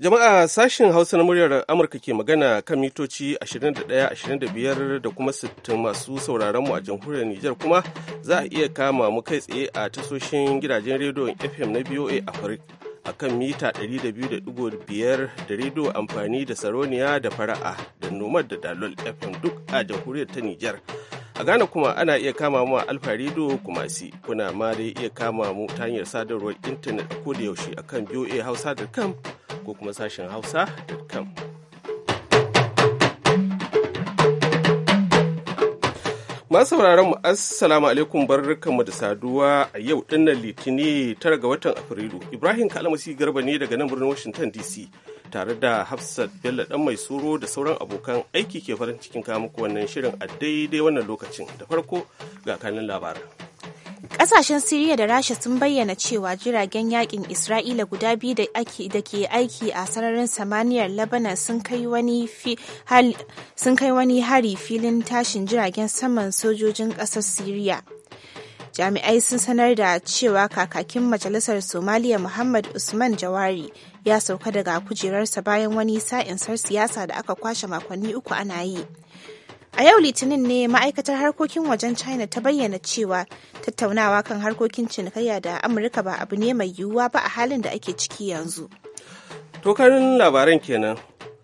Jama'a sashen Hausa na muryar Amurka ke magana kan mitoci 21-25 da kuma 60 masu sauraron mu a jamhuriyar Nijar kuma za a iya kama mu kai tsaye a tasoshin gidajen rediyon FM na BOA a a kan mita 200.5 da rediyo amfani da saroniya da fara'a da nomad da dalol fm duk a jamhuriyar ta nijar a ghana kuma ana iya kama mu a alfa rediyo kuma si kuna ma dai iya kama mu ta hanyar sadarwar intanet ko da yaushe akan voa hausa.com ko kuma sashen hausa.com Masu sauraron mu assalamu alaikum barkanmu da saduwa a yau dinnan litini tara ga watan Afrilu. Ibrahim kalamasi Garba ne daga nan birnin Washington DC tare da Hafsat Bello dan mai suro da sauran abokan aiki ke farin cikin kawo muku wannan shirin a daidai wannan lokacin. Da farko ga kanin labarin kasashen Siriya da Rasha sun bayyana cewa jiragen yakin Isra'ila guda biyu da ke aiki a sararin samaniyar Lebanon sun kai wani hari filin tashin jiragen saman sojojin kasar Siriya. Jami'ai sun sanar da cewa kakakin Majalisar Somaliya Muhammad Usman Jawari ya sauka daga kujerarsa bayan wani sar siyasa da aka kwashe makonni uku ana yi. A yau Litinin ne ma'aikatar harkokin wajen China ta bayyana cewa tattaunawa kan harkokin cinikayya da Amurka ba abu ne mai yiwuwa ba a halin da ake ciki yanzu. Tokarin labaran kenan.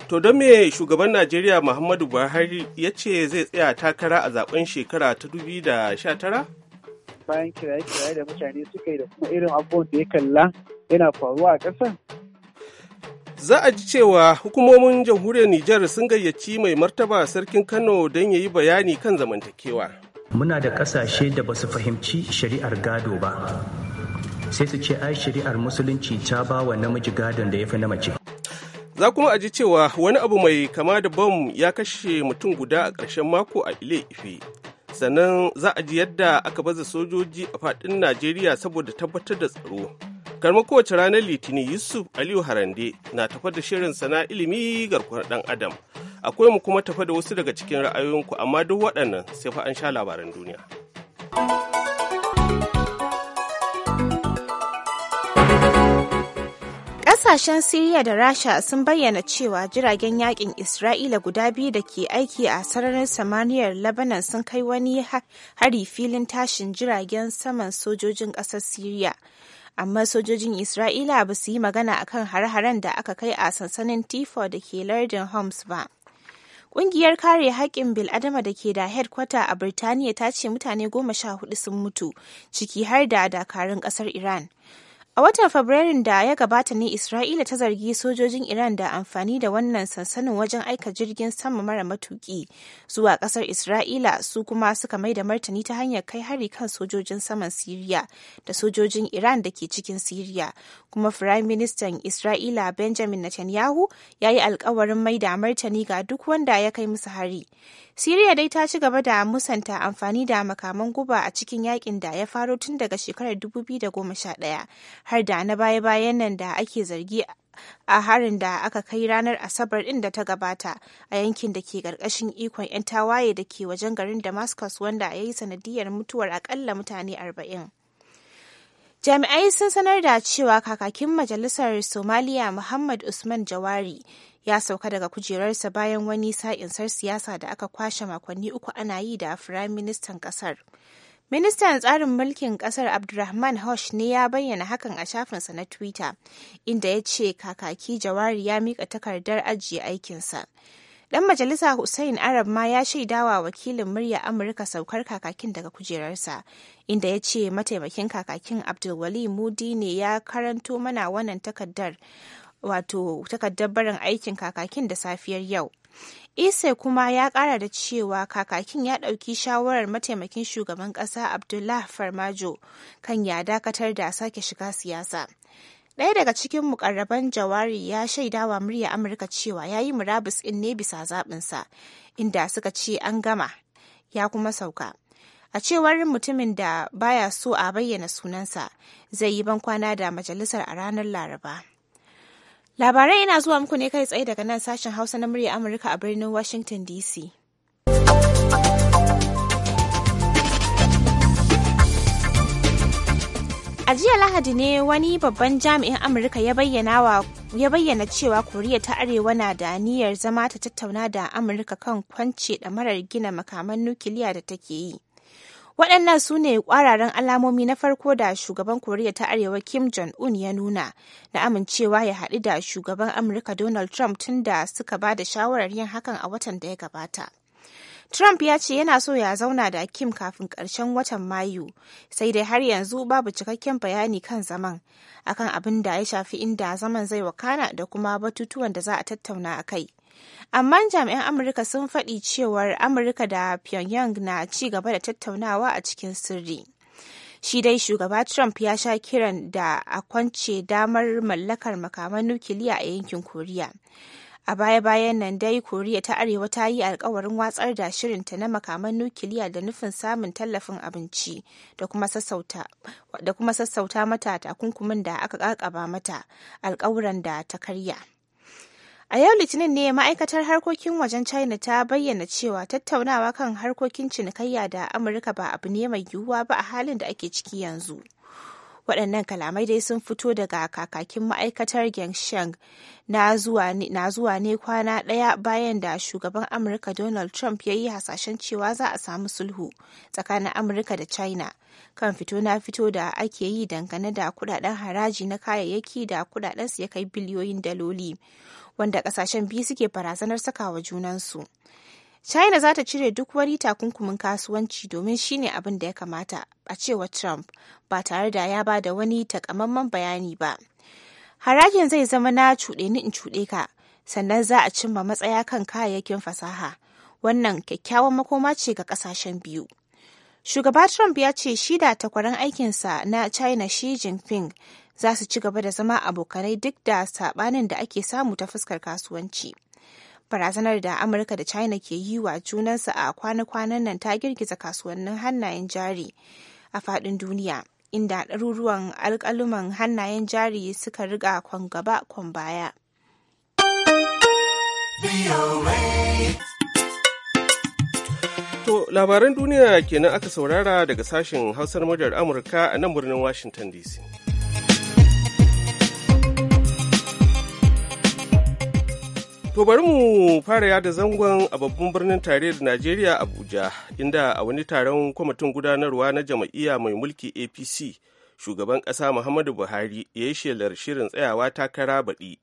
To don me shugaban Najeriya Muhammadu Buhari ya ce zai tsaya takara a zaben shekara ta 2019? Bayan kiraye-kiraye da mutane suka yi da kuma irin abubuwan da ya kalla yana faruwa a ƙasar za a ji cewa hukumomin jamhuriyar Nijar sun gayyaci mai martaba sarkin Kano don ya yi bayani kan zamantakewa. Muna da ƙasashe da ba su fahimci shari'ar gado ba, sai su ce ai shari'ar musulunci ta ba wa namiji gadon da ya fi na mace. Za kuma a ji cewa wani abu mai kama da bom ya kashe mutum guda a ƙarshen mako a Ile Ife. Sannan za a ji yadda aka baza sojoji a faɗin Najeriya saboda tabbatar da tsaro. Kamar kowace ranar Litinin Yusuf Aliyu Harande na tafa da shirin sana ilimi garkuwar ɗan Adam. Akwai mu kuma tafa da wasu daga cikin ra'ayoyinku amma duk waɗannan sai fa an sha labaran duniya. Ƙasashen Siriya da Rasha sun bayyana cewa jiragen yakin Isra'ila guda biyu da ke aiki a sararin samaniyar Lebanon sun kai wani hari filin tashin jiragen saman sojojin ƙasar Siriya. amma sojojin Isra'ila ba su yi magana akan har-haren da aka kai a sansanin Tifo da ke lardin Homs ba. Ƙungiyar kare haƙƙin bil'adama da ke da headquarter a Birtaniya ta ce mutane goma sha hudu sun mutu, ciki har da dakarun ƙasar Iran. A watan Fabrairun da ya gabata ne Isra'ila ta zargi sojojin Iran da amfani da wannan sansanin wajen aika jirgin sama mara matuki zuwa kasar Isra'ila su kuma suka mai da martani ta hanyar kai hari kan sojojin saman Siriya da sojojin Iran da ke cikin Siriya kuma Firayim Ministan Isra'ila Benjamin Netanyahu ya yi alkawarin mai da martani ga duk wanda ya kai musu hari. Siriya dai ta ci gaba da musanta amfani da makaman guba a cikin yakin da ya faro tun daga shekarar 2011 har da na baya-bayan nan da ake zargi a harin da aka kai ranar asabar din da ta gabata a yankin da ke karkashin ikon 'yan tawaye da ke wajen garin damascus wanda ya yi sanadiyar mutuwar akalla mutane 40 Jami'ai sun sanar da cewa kakakin majalisar Somaliya Muhammad Usman Jawari ya sauka daga kujerarsa bayan wani sa'insar siyasa da aka kwashe makonni uku ana yi da firayim ministan kasar. Ministan tsarin mulkin kasar Abdulrahman Hosh ne ya bayyana hakan a shafinsa na Twitter, inda ya ce kakaki Jawari ya mika takardar ajiye aikinsa. Dan majalisa Hussein Arab ma ya shaidawa wakilin murya Amurka saukar kakakin daga kujerarsa, inda ya ce mataimakin kakakin Abdulwali Mudi ne ya karanto mana wannan takardar wato takardar barin aikin kakakin da safiyar yau. isai kuma ya kara da cewa kakakin ya ɗauki shawarar mataimakin shugaban ƙasa Abdullah Farmajo kan ya dakatar da sake shiga siyasa. Ɗaya daga cikin mukarraban Jawari ya shaida wa murya Amurka cewa ya yi murabus in ne bisa zaɓinsa, inda suka ce an gama, ya kuma sauka. A cewar mutumin da baya so a bayyana sunansa, zai yi ban kwana da majalisar a ranar Laraba. Labarai yana zuwa muku ne kai tsaye daga nan sashen Hausa na murya Amurka a birnin Washington DC. A jiya Lahadi ne wani babban jami'in Amurka ya bayyana cewa Koriya ta Arewa na da niyyar zama ta tattauna da Amurka kan kwance marar gina makaman nukiliya da take yi. Waɗannan su ne ƙwararren alamomi na farko da shugaban Koriya ta Arewa Kim Jong-un ya nuna na amincewa ya haɗu da shugaban Amurka Donald Trump tun da suka ba da shawarar yin hakan a watan da ya gabata. Trump ya ce yana so ya zauna da Kim kafin ƙarshen watan Mayu, sai dai har yanzu babu cikakken bayani kan zaman, akan abin da ya shafi inda zaman zai wakana da kuma batutuwan da za a tattauna a kai. Amma jami'an Amurka sun faɗi cewar Amurka da Pyongyang na ci gaba da tattaunawa a cikin sirri. shi dai shugaba trump ya sha kiran da a kwance damar mallakar makaman nukiliya a yankin koriya A baya-bayan nan dai Koriya ta Arewa ta yi alkawarin watsar da shirinta na makaman nukiliya da nufin samun tallafin abinci da kuma sassauta mata takunkumin da aka kakaba mata alkawuran da ta karya. A yau Litinin ne ma'aikatar harkokin wajen China ta bayyana cewa tattaunawa kan harkokin cinikayya da Amurka ba abu ne mai yiwuwa ba a halin da ake ciki yanzu. waɗannan kalamai dai sun fito daga kakakin ma'aikatar Gengsheng na zuwa ne kwana ɗaya bayan da shugaban Amurka Donald Trump ya yi hasashen cewa za a samu sulhu tsakanin Amurka da China kan fito na fito da ake yi dangane da kudaden haraji na kayayyaki da kudaden su ya kai biliyoyin daloli wanda ƙasashen biyu suke barazanar sakawa junansu. China za ta cire duk wani takunkumin kasuwanci domin shine abin da ya kamata a cewa Trump ba tare da ya ba da wani takamaiman bayani ba. Harajin zai zama na cuɗe ni in cuɗe ka, sannan za a cimma matsaya kan kayayyakin fasaha. Wannan kyakkyawan makoma ce ga ƙasashen biyu. Shugaba Trump ya ce shi da takwaran aikinsa na China Xi Jinping za su ci gaba da zama abokanai duk da saɓanin da ake samu ta fuskar kasuwanci. barazanar da amurka da china ke yi wa junansu a kwana-kwanan nan ta girgiza kasuwannin hannayen jari a faɗin duniya inda ɗaruruwan alƙaluman hannayen jari suka riga kwan gaba kwan baya. To labaran duniya kenan aka saurara daga sashen hausar muryar Amurka a nan birnin Washington DC. To bari mu fara yada zangon a babban birnin tarayyar Najeriya Abuja, inda a wani taron kwamitin gudanarwa na jam'iyya mai mulki APC, shugaban ƙasa Muhammadu Buhari ya yi shelar shirin tsayawa takara baɗi.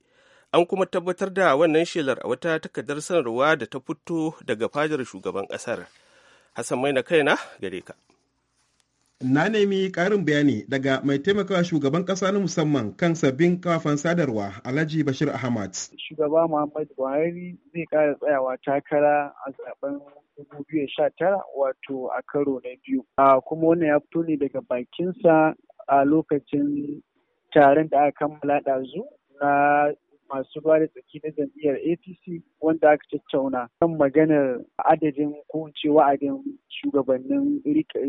An kuma tabbatar da wannan shelar a wata takardar sanarwa da ta fito daga fadar shugaban ƙasar. Hassan mai na kaina gare ka. Na nemi ƙarin bayani daga mai taimakawa shugaban ƙasa na musamman kan sabbin kafan sadarwa Alhaji Bashir Ahmad. Shugaba Muhammad Buhari zai ƙara tsayawa takara a zaben 2019 wato a karo na biyu. Kuma wannan ya fito ne daga bakinsa a lokacin taron da aka kammala ɗazu na masu ruwa da tsaki na jam'iyyar APC wanda aka tattauna kan maganar adadin ko ce wa'adin shugabannin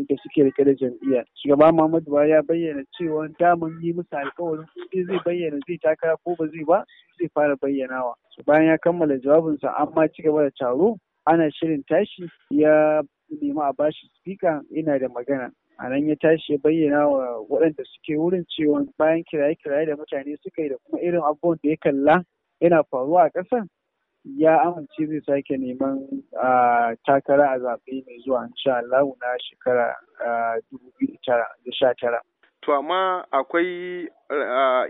da suke rike da jam'iyyar. Shugaba Muhammadu Buhari ya bayyana cewa daman yi musu alkawarin kuɗi zai bayyana zai takara ko ba zai ba zai fara bayyanawa. Bayan ya kammala jawabinsa an ma ci gaba da taro ana shirin tashi ya nemi a bashi spika yana da magana. a nan ya tashi ya bayyana wa waɗanda suke wurin cewa bayan kiraye-kiraye da mutane suka yi da kuma irin abubuwan da ya kalla yana faruwa a ƙasar ya amince zai sake neman takara a zaɓe mai zuwa insha Allah na shekara dubu biyu tara. To amma akwai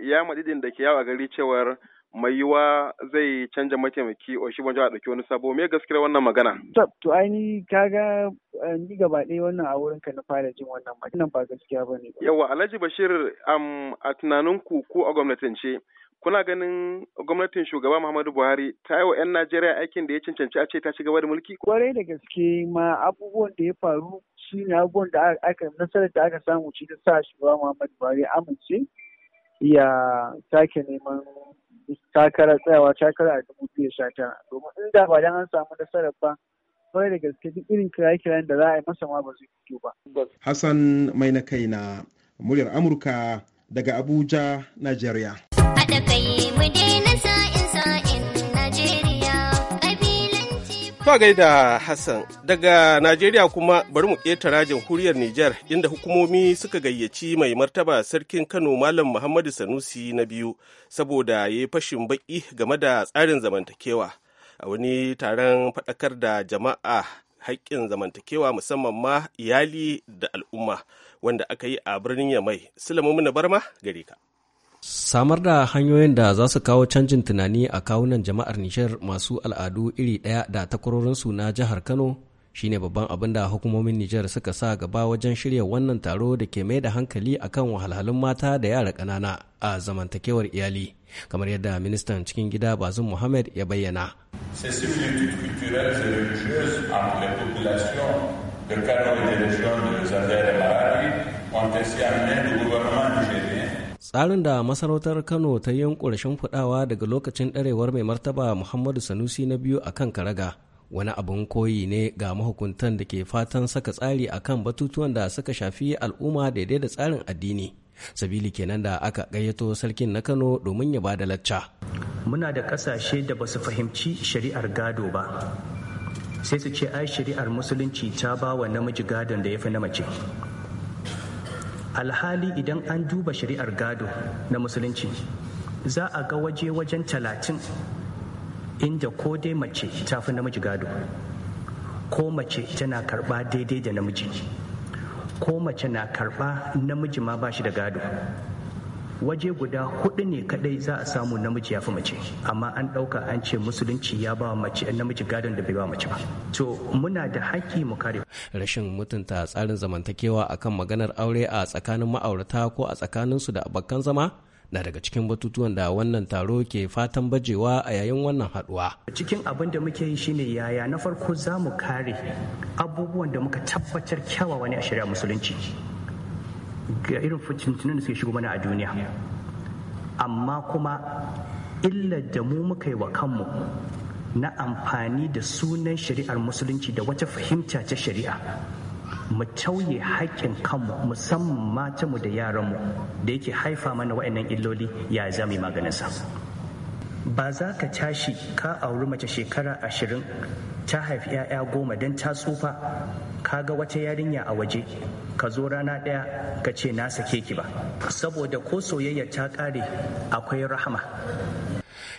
ya madidin da ke yawa gari cewar mai yiwa zai canja mataimaki wajen a ɗauki wani sabo mai gaskiya wannan magana? Tab to ainihi kaga eh, ni gaba ɗaya wannan a wurin ka na fara jin wannan maganan ba gaskiya ba ne. Yawa Alhaji Bashir am a ku ko a gwamnatin ce, kuna ganin gwamnatin shugaba Muhammadu Buhari ta yi wa 'yan Najeriya aikin da ya cancanci a ce ta ci gaba da mulki? Kwarai da gaske ma abubuwan da ya faru shi ne abubuwan da aka nasarar da aka samu shi da sa shugaba Muhammadu Buhari amince ya sake neman takara tsayawa takara a dubu biyu sha tara domin inda ba dan an samu nasarar ba kawai da gaske duk irin kiraye-kirayen da za a yi masa ma ba zai fito ba. Hassan mai na kai na muryar Amurka daga Abuja, Najeriya. Haɗa kai mu daina sa'i. To gaida Hassan, daga Najeriya kuma bari mu rajin jamhuriyar Nijar inda hukumomi suka gayyaci mai martaba sarkin Kano Malam Muhammadu Sanusi na biyu saboda ya yi fashin baƙi game da tsarin zamantakewa a wani taron faɗakar da jama'a haƙƙin zamantakewa musamman ma iyali da al'umma wanda aka yi a birnin Yamai. Sulaimu Barma gare ka. Samar da hanyoyin da za su kawo canjin tunani a kawunan jama'ar Nijar masu al'adu iri ɗaya da takwarorinsu na jihar Kano shine babban abin da hukumomin Nijar suka sa gaba wajen shirya wannan taro da ke mai da hankali akan wahalhalun mata da yara ƙanana a zamantakewar iyali, kamar yadda ministan cikin gida Bazum Muhammad ya bayyana. de Kano et des régions de Zander et Marari ont ainsi amené le gouvernement nigérien tsarin da masarautar kano ta yi yunkurashin fudawa daga lokacin ɗarewar mai martaba muhammadu sanusi na biyu a kan karaga wani abin koyi ne ga mahukuntan da ke fatan saka tsari a kan batutuwan da suka shafi al'umma daidai da tsarin addini sabili kenan da aka gayyato sarkin na kano domin ya bada lacca muna da ƙasashe da ba su fahimci shari'ar gado ba sai su ce ai shari'ar musulunci ta ba wa namiji gadon da ya fi na mace alhali idan an duba shari'ar gado na musulunci za a ga waje wajen talatin inda ko dai mace ta fi namiji gado ko mace tana karba daidai da namiji ko mace na karba namiji ma ba shi da gado waje guda hudu ne kadai za a samu namiji ya fi mace amma an dauka an ce musulunci ya ba mace namiji gadon da bai ba mace ba to muna da haƙƙi mu kare rashin mutunta tsarin zamantakewa akan maganar aure a tsakanin ma'aurata ko a tsakanin su da abokan zama na daga cikin batutuwan da wannan taro ke fatan bajewa a yayin wannan haduwa. Cikin abin da muke yi shine yaya na farko za mu kare abubuwan da muka tabbatar kyawawa ne a shari'a musulunci. ga irin fitintunan da suke shigo mana a duniya amma kuma illar da mu muka yi wa kanmu na amfani da sunan shari'ar musulunci da wata fahimta ta shari'a mu tauye haƙƙin kanmu musamman matanmu da yaranmu da yake haifa mana wa'annan illoli ya yi maganinsa. ba za ka tashi ka auri mace shekara ashirin ta haifi 'ya'ya goma don ta tsufa ka ga wata yarinya a waje ka zo rana ɗaya ka ce na sake ki ba saboda ko soyayya ta ƙare akwai rahama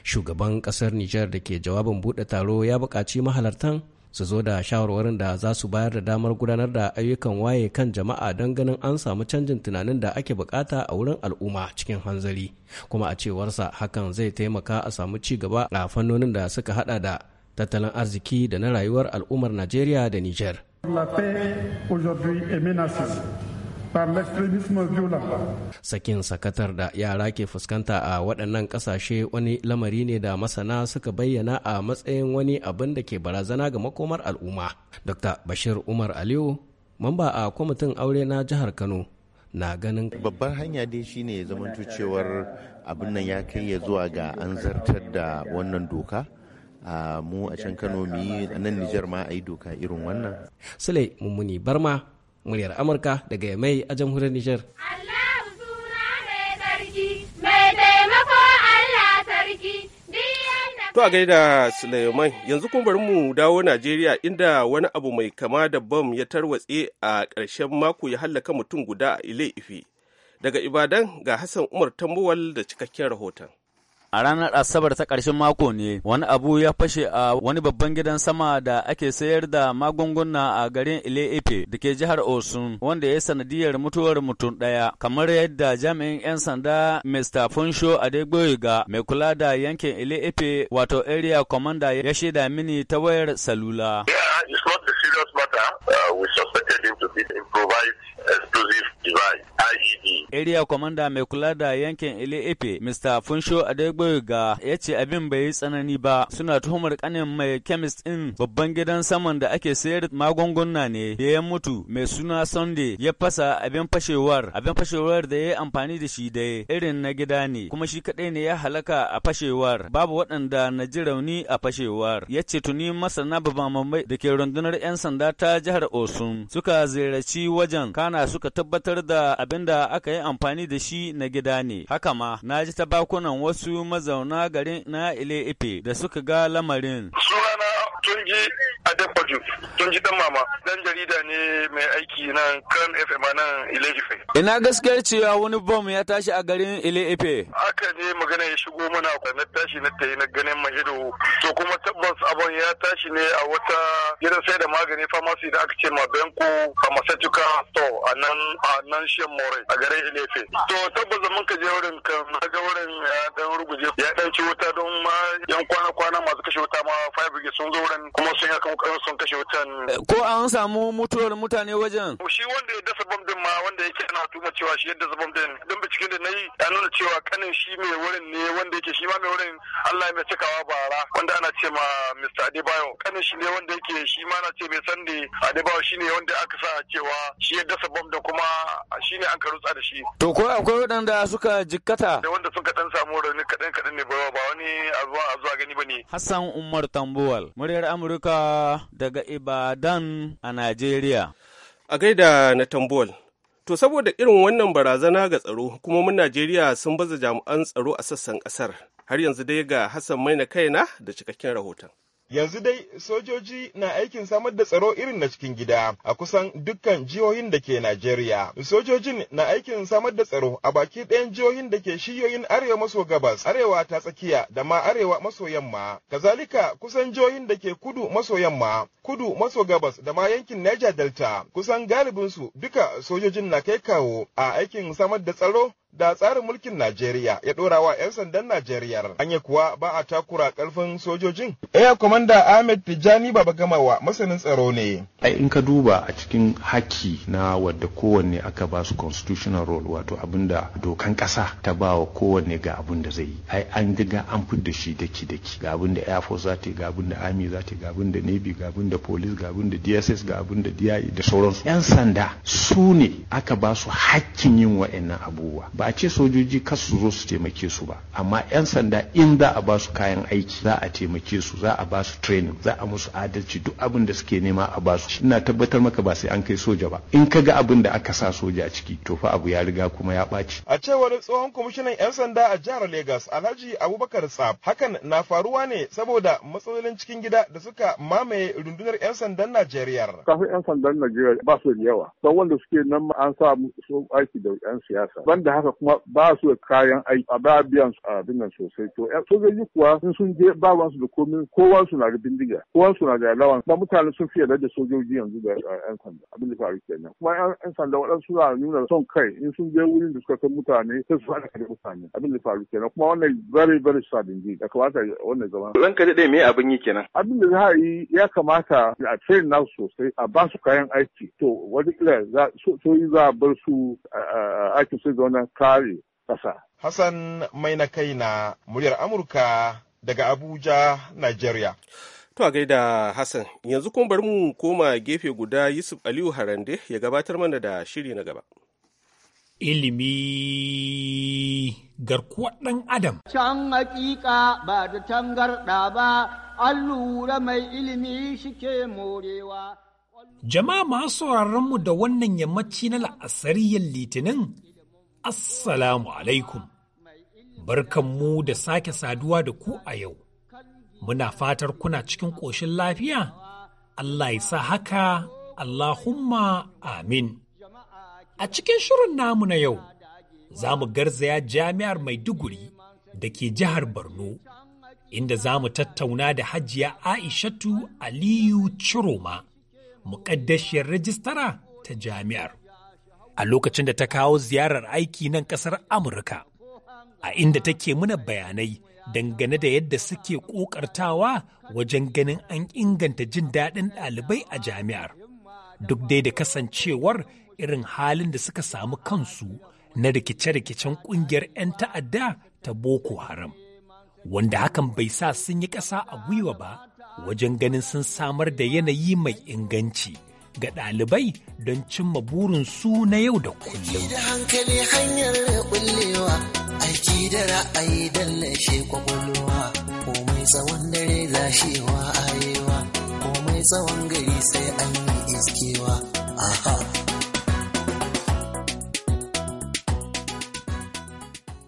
shugaban ƙasar nijar da ke jawabin buɗe taro ya buƙaci mahalartan su zo da shawarwarin da za su bayar da damar gudanar da ayyukan waye kan jama'a don ganin an samu canjin tunanin da ake bukata a wurin al'umma cikin hanzari kuma a cewarsa hakan zai taimaka a samu ci gaba a fannonin da suka hada da tattalin arziki da na rayuwar al'ummar najeriya da niger par l'extrémisme violent. Sakin sakatar da yara ke fuskanta a waɗannan ƙasashe wani lamari ne da masana suka bayyana a matsayin wani abin da ke barazana ga makomar al'umma. Dr. Bashir Umar Aliyu, mamba a kwamitin aure na jihar Kano, na ganin babbar hanya dai shine ya zamanto cewar abin nan ya kai ya zuwa ga an zartar da wannan doka mu a can kano mu yi nan nijar ma a yi doka irin wannan sule mummuni barma muryar amurka daga yamai a jamhuriyar nijar To a gaida Suleiman yanzu kuma bari mu dawo Najeriya inda wani abu mai kama da bom ya tarwatse a ƙarshen mako ya hallaka mutum guda a Ile Ife. Daga Ibadan ga Hassan Umar Tambuwal da cikakken rahoton. A ranar Asabar ta ƙarshen mako ne, wani abu ya fashe a wani babban gidan sama da ake sayar da magunguna a garin Ile Ife da ke jihar Osun, wanda ya yi sanadiyar mutuwar mutum ɗaya, kamar yadda jami'in 'yan sanda Mr. Funsho Adegboyega mai kula da yankin Ile Ife wato Area Commander ya shaida mini ta wayar salula. area commander mai kula da yankin ile mr funsho adegboyega ya ce abin bai yi tsanani ba suna tuhumar kanin mai chemist din babban gidan saman da ake sayar magunguna ne da ya mutu mai suna sunday ya fasa abin fashewar abin fashewar da ya yi amfani da shi da irin na gida ne kuma shi kadai ne ya halaka a fashewar babu waɗanda na ji rauni a fashewar ya ce tuni masana mamai da ke rundunar 'yan sanda ta jihar osun suka ziyarci wajen kana suka tabbatar da abin da aka yi amfani da shi na gida ne. Haka ma, na ji ta bakunan wasu mazauna garin na Ile Ife da suka ga lamarin. Sunana tunji adepoju tunji dan mama dan jarida ne mai aiki nan kan fm nan ilegife ina gaskiyar cewa wani bom ya tashi a garin ilegife haka ne magana ya shigo mana na tashi na tayi na ganin mahido to kuma tabbas abun ya tashi ne a wata gidan sai da magani pharmacy da aka ce ma benko pharmaceutical store a nan a nan shin more a garin ilegife to tabbas mun ka je wurin kan ga wurin ya dan ruguje ya dan ci wuta don ma yan kwana-kwana masu kashe wuta ma 5 sun zo wutan kuma sun yi kokarin sun kashe wutan. Ko an samu mutuwar mutane wajen? Shi wanda ya dasa bom din ma wanda yake ana tuma cewa shi ya dasa bom din don binciken da na yi ya nuna cewa kanin shi mai wurin ne wanda yake shi ma mai wurin Allah y'a mai cikawa bara wanda ana ce ma Mr. Adebayo kanin shi ne wanda yake shi ma na ce mai sande Adebayo shi ne wanda aka sa cewa shi ya dasa bom da kuma shi ne an ka rutsa da shi. To ko akwai waɗanda suka jikkata? Da wanda suka dan samu rauni kaɗan kaɗan ne ba wani a zuwa gani ba ne. Hassan Umar Tambuwal, muryar ƙasar Amurka daga Ibadan a Najeriya. A gaida na Tambol. To saboda irin wannan barazana ga tsaro, kuma mun Najeriya sun baza jami'an tsaro a sassan ƙasar. Har yanzu dai ga Hassan Maina kaina da cikakken rahoton. Yanzu dai sojoji na aikin samar da tsaro irin na cikin gida a kusan dukkan jihohin da ke Najeriya. Sojojin na aikin samar da tsaro a baki ɗayan jihohin da ke shiyoyin arewa maso gabas, arewa ta tsakiya da ma arewa maso yamma. Kazalika kusan jihohin da ke kudu maso yamma, kudu maso gabas da ma yankin Niger Delta kusan galibinsu duka sojojin na kai kawo a aikin samar da tsaro da tsarin mulkin Najeriya ya ɗora wa 'yan sandan Najeriya. Anya kuwa ba a takura ƙarfin sojojin. Air Commander Ahmed Tijani Baba Gamawa masanin tsaro ne. Ai in ka duba a cikin haki na wadda kowanne aka ba su constitutional role wato abinda dokan ƙasa ta ba wa kowanne ga abin da zai yi. Ai an diga an da shi daki daki ga abin da Air Force za ta yi ga abin da Army za ta yi ga abin da Navy ga abin da Police ga abin da DSS ga abin da DIA e da sauransu. 'Yan sanda su ne aka ba su hakkin yin wa'annan abubuwa. ba a ce sojoji kas su zo su taimake su ba amma 'yan sanda in za a ba su kayan aiki za a taimake su za a ba su training za a musu adalci duk abin da suke nema a ba su ina tabbatar maka ba sai an kai soja ba in ka ga abin da aka sa soja a ciki to fa abu ya riga kuma ya ɓaci. a cewar tsohon kwamishinan 'yan sanda a jihar Legas Alhaji Abubakar Tsaf hakan na faruwa ne saboda matsalolin cikin gida da suka mamaye rundunar 'yan sandan Najeriya. Kafin 'yan sandan Najeriya ba su da yawa don wanda suke nan an sa su aiki da 'yan siyasa banda haka kuma ba su da kayan aiki a ba biyan su abin nan sosai to eh, sojoji kuwa sun sun je ba su da komai kowa su na da bindiga kowa su na da lawan ba mutane sun fiye da sojoji yanzu da eh, yan sanda abin da faru kenan kuma yan sanda waɗansu na nuna son kai in sun je wurin da suka san mutane sai su haɗa da mutane abin da faru kenan kuma wannan very very sad indeed da kamata wannan zaman. ka daɗe me abin yi kenan? Abin da za a yi ya kamata a train nasu sosai a ba su kayan aiki to wani kila za a bar su aikin sai zauna kare ƙasa. Hassan mai na kai na muryar Amurka daga Abuja, Nigeria. To a gaida Hassan, yanzu kuma bari mu koma gefe guda Yusuf Aliyu Harande ya gabatar mana da shiri na gaba. Ilimi garkuwar ɗan Adam. Can hakika ba da tangarɗa ba, an lura mai ilimi shike morewa. Jama'a masu mu da wannan yammaci na la'asariyar litinin Assalamu alaikum, barkanmu da sake saduwa da ku a yau, muna fatar kuna cikin ƙoshin lafiya, Allah ya sa haka, Allahumma amin. A cikin shirin namu na yau, za mu garzaya jami'ar Maiduguri da ke jihar Borno, inda za mu tattauna da hajiya Aishatu Aliyu Ciroma, muƙaddashiyar rajistara ta jami'ar. a lokacin da ta kawo ziyarar aiki nan ƙasar Amurka, a inda take muna bayanai dangane da yadda suke ƙoƙartawa wajen ganin an inganta jin daɗin ɗalibai a jami'ar. Duk dai da kasancewar irin halin da suka samu kansu na rikice-rikicen ƙungiyar 'yan ta'adda ta Boko Haram, wanda hakan bai sa sun yi ƙasa a gwiwa ba wajen ganin sun samar da yanayi mai inganci. ga ɗalibai don cimma burinsu na yau da kullum. da hankali hanyar kullewa, aiki da ra'ayi dallashe kwakwalwa, komai tsawon dare lashewa arewa, komai tsawon gari sai an yi iskewa. Aha.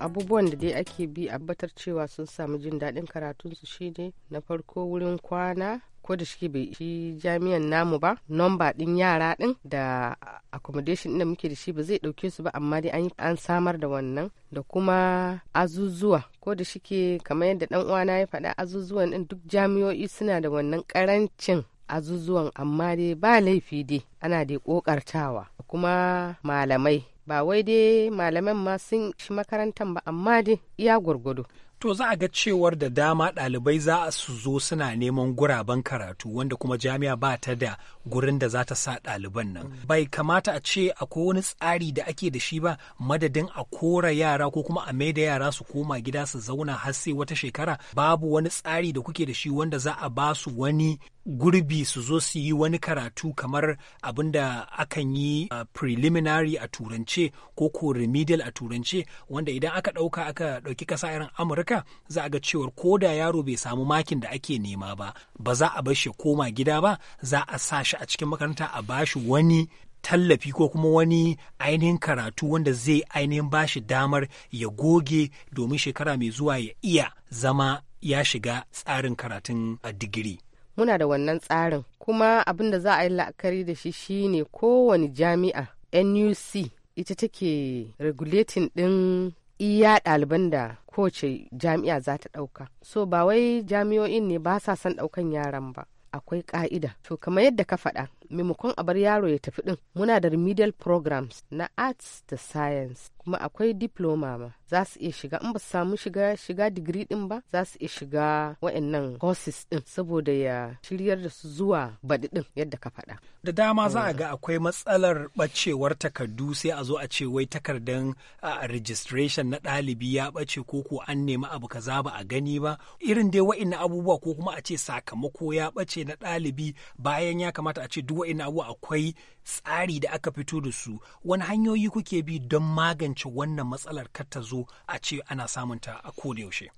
abubuwan da dai ake bi a batar cewa sun samu jin daɗin karatunsu shine na farko wurin kwana ko da shi bai shi jami'an namu ba nomba din yara din da accommodation da muke da shi ba zai dauke su ba amma dai an samar da wannan da kuma azuzuwa ko da shike kamar yadda dan uwana ya faɗa azuzuwan din duk jami'o'i suna da wannan karancin azuzuwan amma dai ba laifi dai ana dai kokartawa kuma malamai ba wai dai malaman ma sun shi makarantar ba amma dai iya gwargwado To za a ga cewar da dama ɗalibai za su zo suna neman guraben karatu wanda kuma jami'a ba ta da gurin da za ta sa ɗaliban nan. Mm. Bai kamata a ce akwai wani tsari da ake da shi ba madadin a kora yara ko kuma a mai da yara su koma gida su zauna har sai wata shekara babu wani tsari da kuke da shi wanda za a ba su wani gurbi su zo su yi wani karatu kamar abin da akan yi a preliminary a turance ko ko remedial a turance wanda idan aka ɗauka aka ɗauki kasa irin amurka Amurka za a ga cewar ko da yaro bai samu makin da ake nema ba ba za a bar shi koma gida ba za a sa shi a cikin makaranta a bashi wani tallafi ko kuma wani ainihin karatu wanda zai ainihin bashi damar ya goge domin shekara mai zuwa ya iya zama ya shiga tsarin karatun a digiri. Muna da wannan tsarin kuma abin da za a yi la'akari da shi shine kowane jami'a NUC ita take regulating ɗin iya ɗaliban da kowace jami'a za ta ɗauka so ba wai jami'o'in ne ba sa son ɗaukan yaran ba akwai ƙa'ida to kamar yadda ka faɗa maimakon a bar yaro ya tafi din muna da remedial programs na arts da science kuma akwai diploma ma za su iya shiga in ba su samu shiga shiga digiri din ba za su iya shiga wayannan courses din saboda ya shiryar da su zuwa baɗi din yadda ka faɗa. da dama za a ga akwai matsalar ɓacewar takardu sai a zo a ce wai takardan registration na ɗalibi ya ɓace ko ko an nemi abu kaza ba a gani ba irin dai wa'annan abubuwa ko kuma a ce sakamako ya ɓace na ɗalibi bayan ya kamata a ce duk wa'in abu akwai tsari da aka fito da su wani hanyoyi kuke bi don magance wannan matsalar kar ta zo a ce ana samunta a koda yaushe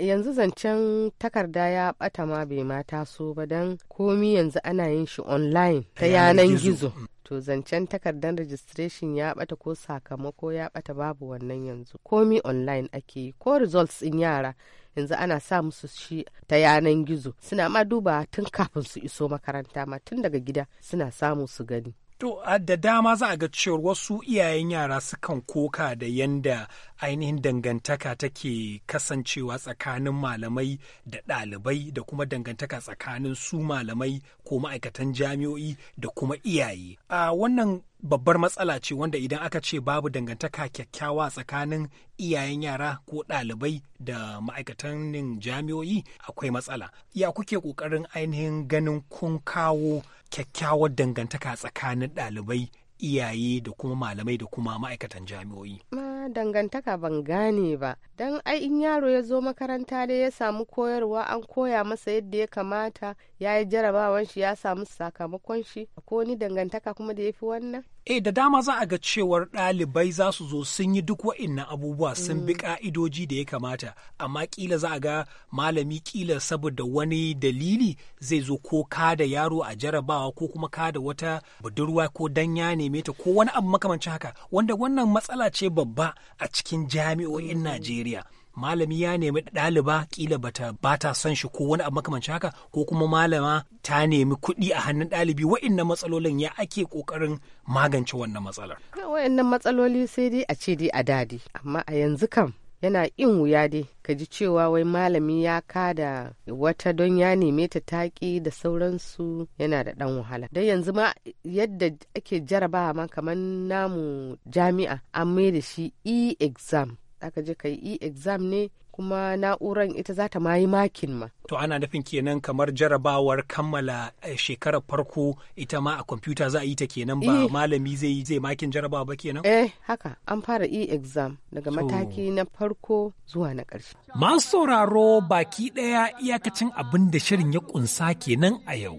yanzu zancen takarda ya bata ma bai mata so ba don komi yanzu ana yin shi online ta yanan gizo to zancen takardar registration ya bata ko sakamako ya bata babu wannan yanzu komi online ake ko results in yara yanzu ana sa musu shi ta yanan gizo suna ma duba tun kafin su iso makaranta ma tun daga gida suna samu su gani To, da dama za a ga cewar wasu iyayen yara sukan koka da yanda ainihin dangantaka take kasancewa tsakanin malamai da ɗalibai da kuma dangantaka tsakanin su malamai ko ma'aikatan jami'o'i da kuma iyaye a wannan babbar matsala ce wanda idan aka ce babu dangantaka kyakkyawa tsakanin iyayen yara ko ɗalibai da ma'aikatan jami'o'i akwai matsala ya kuke ƙoƙarin ainihin ganin kun kawo kyakkyawar dangantaka tsakanin ɗalibai iyaye da kuma malamai da kuma ma'aikatan jami'o'i. Ma dangantaka ban gane ba, don ai in yaro ya zo makaranta ne ya samu koyarwa an koya masa yadda ya kamata ya yi jarabawan shi ya samu sakamakon shi, ko ni dangantaka kuma da ya fi wannan? eh da dama za a ga cewar ɗalibai za su zo sun yi duk wa'innan abubuwa sun bi ka'idoji mm. da ya kamata amma ƙila za a ga malami ƙila saboda wani dalili zai zo ko kada yaro a jarabawa ko kuma kada wata budurwa ko danya ne neme ta ko wani abu makamancin haka wanda wannan matsala ce babba a cikin jami'o'in mm. Najeriya malami ya nemi ɗaliba kila bata bata son shi ko wani abu makamanci haka ko kuma malama ta nemi kuɗi a hannun ɗalibi wa'innan matsalolin ya ake ƙoƙarin magance wannan matsalar. Wa'innan matsaloli sai dai a ce dai a dadi amma a yanzu kam yana in wuya dai ka ji cewa wai malami ya kada wata don ya neme ta taƙi da sauransu yana da ɗan wahala don yanzu ma yadda ake jarabawa ma kamar namu jami'a an mai da shi e-exam zaka je ka yi exam ne kuma na'uran ita za ta mayi makin ma. To ana nufin kenan kamar jarabawar kammala eh, shekarar farko ita ma a kwamfuta za a yi ta kenan ba eh. malami zai yi zai makin jarabawa ba kenan? Eh haka an fara e-exam daga mataki na farko zuwa na ƙarshe. Masu sauraro baki ɗaya iyakacin abin da shirin ya ƙunsa kenan a yau.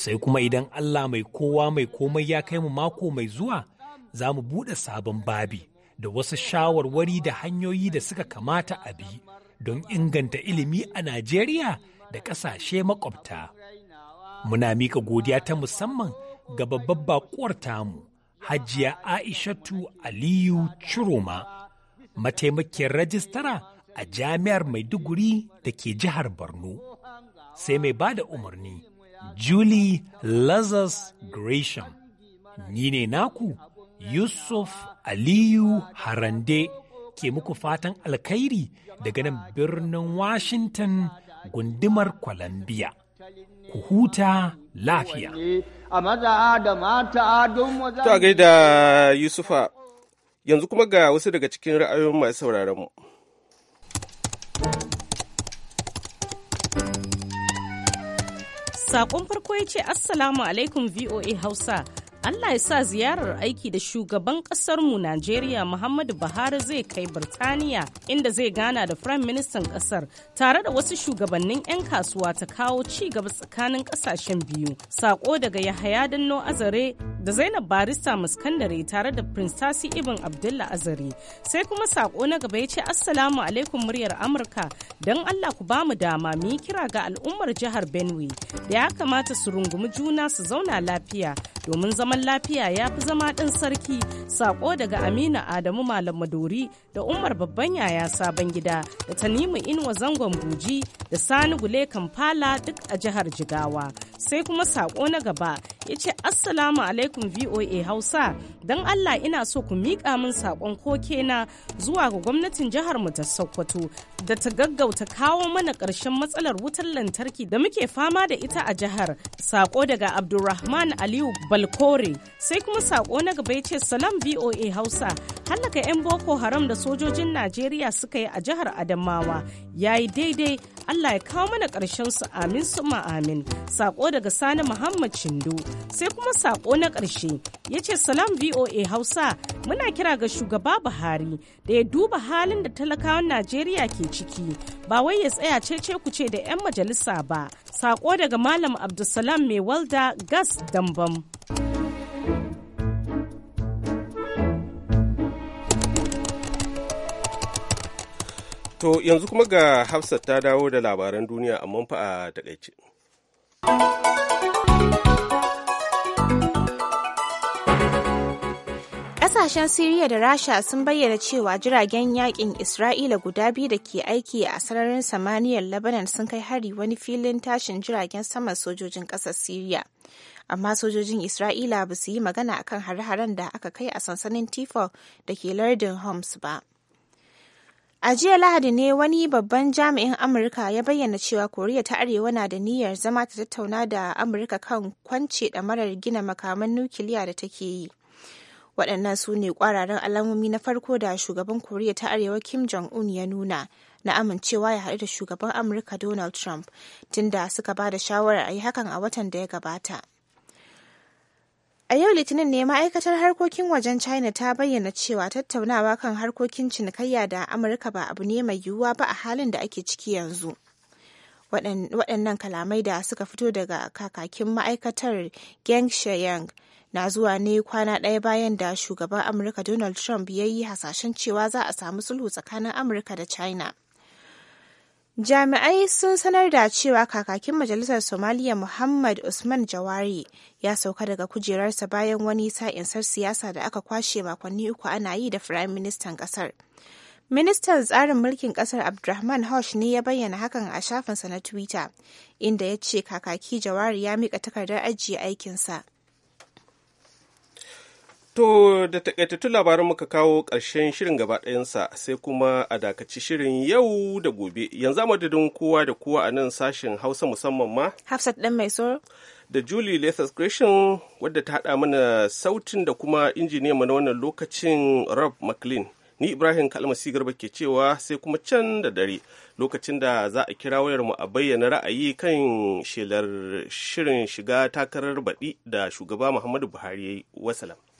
Sai kuma idan Allah mai kowa mai komai ya kai mu mako mai zuwa za mu buɗe sabon babi. da wasu shawarwari da hanyoyi da suka kamata a bi don inganta ilimi a Najeriya da ƙasashe makwabta. Muna mika godiya ta musamman ga babbar baƙuwar tamu, Hajiya Aishatu Aliyu Chiroma, mataimakin rajistara a Jami'ar Maiduguri da ke jihar Borno. Sai mai ba da umarni, Julie Lazarus Gresham. Ni ne naku Yusuf Aliyu Harande ke muku fatan alkhairi daga nan birnin Washington gundumar Columbia. Ku huta lafiya. Ta gaida Yusufa, yanzu kuma ga wasu daga cikin ra'ayoyin masu sauraron mu. Saƙon farko ya ce, Assalamu alaikum VOA Hausa. Allah ya sa ziyarar aiki da shugaban ƙasarmu Najeriya Muhammadu Buhari zai kai Birtaniya inda zai gana da Firayim Ministan ƙasar tare da wasu shugabannin 'yan kasuwa ta kawo ci gaba tsakanin ƙasashen biyu. Sako daga Yahaya Danno Azare da Zainab Barista Muskandare tare da Prince Tasi Ibn Abdullah Azari. Sai kuma sako na gaba ya ce Assalamu alaikum muryar Amurka don Allah ku ba mu dama mu yi kira ga al'ummar jihar Benue da ya kamata su rungumi juna su zauna lafiya domin zaman lafiya ya fi zama ɗan sarki sako daga Amina Adamu Malam Madori da Umar Babban Yaya Sabon Gida da Tanimu Inuwa Zangon Buji da Sani Gule Kampala duk a jihar Jigawa. Sai kuma sako na gaba ya ce Assalamu alaikum shafin VOA Hausa. Don Allah ina so ku miƙa min saƙon koke na zuwa ga gwamnatin jihar mu ta Sokoto da ta gaggauta kawo mana ƙarshen matsalar wutar lantarki da muke fama da ita a jihar. Saƙo daga Abdulrahman Aliyu Balkore. Sai kuma saƙo na gaba ya ce Salam VOA Hausa. Hallaka 'yan Boko Haram da sojojin Najeriya suka yi a jihar Adamawa. Yayi daidai Allah ya kawo mana ƙarshen su amin suma amin sako daga Sani Muhammad Shindo sai kuma sako na ƙarshe ya ce salam VOA Hausa muna kira ga shugaba Buhari da ya duba halin da talakawan Najeriya ke ciki ba wai ya tsaya cece ce da 'yan majalisa ba sako daga Malam Abdulsalam Mai Walda Gas Dambam. To yanzu kuma ga Hafsat ta dawo da labaran duniya amma fa a takaice. Ƙasashen Siriya da Rasha sun bayyana cewa jiragen yakin Isra'ila guda biyu da ke aiki a sararin samaniyar Lebanon sun kai hari wani filin tashin jiragen saman sojojin ƙasar Siriya. amma sojojin Isra'ila ba su yi magana akan hare-haren da aka kai a sansanin Tifo da ke lardin Homs ba. A jiya Lahadi ne wani babban jami'in Amurka ya bayyana cewa Koriya ta Arewa na da niyyar zama ta tattauna da Amurka kan kwance ɗamarar gina makaman nukiliya da take yi. Waɗannan su ne ƙwararren alamomi na farko da shugaban Koriya ta Arewa Kim Jong-un ya nuna na amincewa ya haɗu da shugaban Amurka Donald Trump tunda suka ba da shawarar a yi hakan a watan da ya gabata. A yau Litinin ne ma'aikatar harkokin wajen China ta bayyana cewa tattaunawa kan harkokin cinikayya da Amurka ba abu ne mai yiwuwa ba a halin da ake ciki yanzu. Waɗannan kalamai da suka fito daga kakakin ma'aikatar Geng Sheyang na zuwa ne kwana ɗaya bayan da shugaban Amurka Donald Trump ya yi hasashen cewa za a samu sulhu tsakanin Amurka da China. Jami'ai sun sanar da cewa kakakin Majalisar Somaliya Muhammad Usman Jawari ya sauka daga kujerarsa bayan wani sa'insar siyasa da aka kwashe makonni uku ana yi da Firayim Ministan ƙasar. Ministan tsarin mulkin ƙasar Abdulrahman Hosh ne ya bayyana hakan a shafinsa na Twitter, inda ya ce kakaki Jawari ya miƙa takardar ajiye aikinsa. To da takaitattun labarin muka kawo ƙarshen shirin gaba ɗayansa sai kuma a dakaci shirin yau da gobe. Yanzu madadin kowa da kowa a nan sashen Hausa musamman ma. Hafsat ɗan mai soro. Da Julie Lathas Gresham wadda ta haɗa mana sautin da kuma injiniyan mana wannan lokacin Rob McLean. Ni Ibrahim Kalmasi Garba ke cewa sai kuma can da dare lokacin da za a kira wayarmu a bayyana ra'ayi kan shelar shirin shiga takarar baɗi da shugaba Muhammadu Buhari ya yi. Wasalam.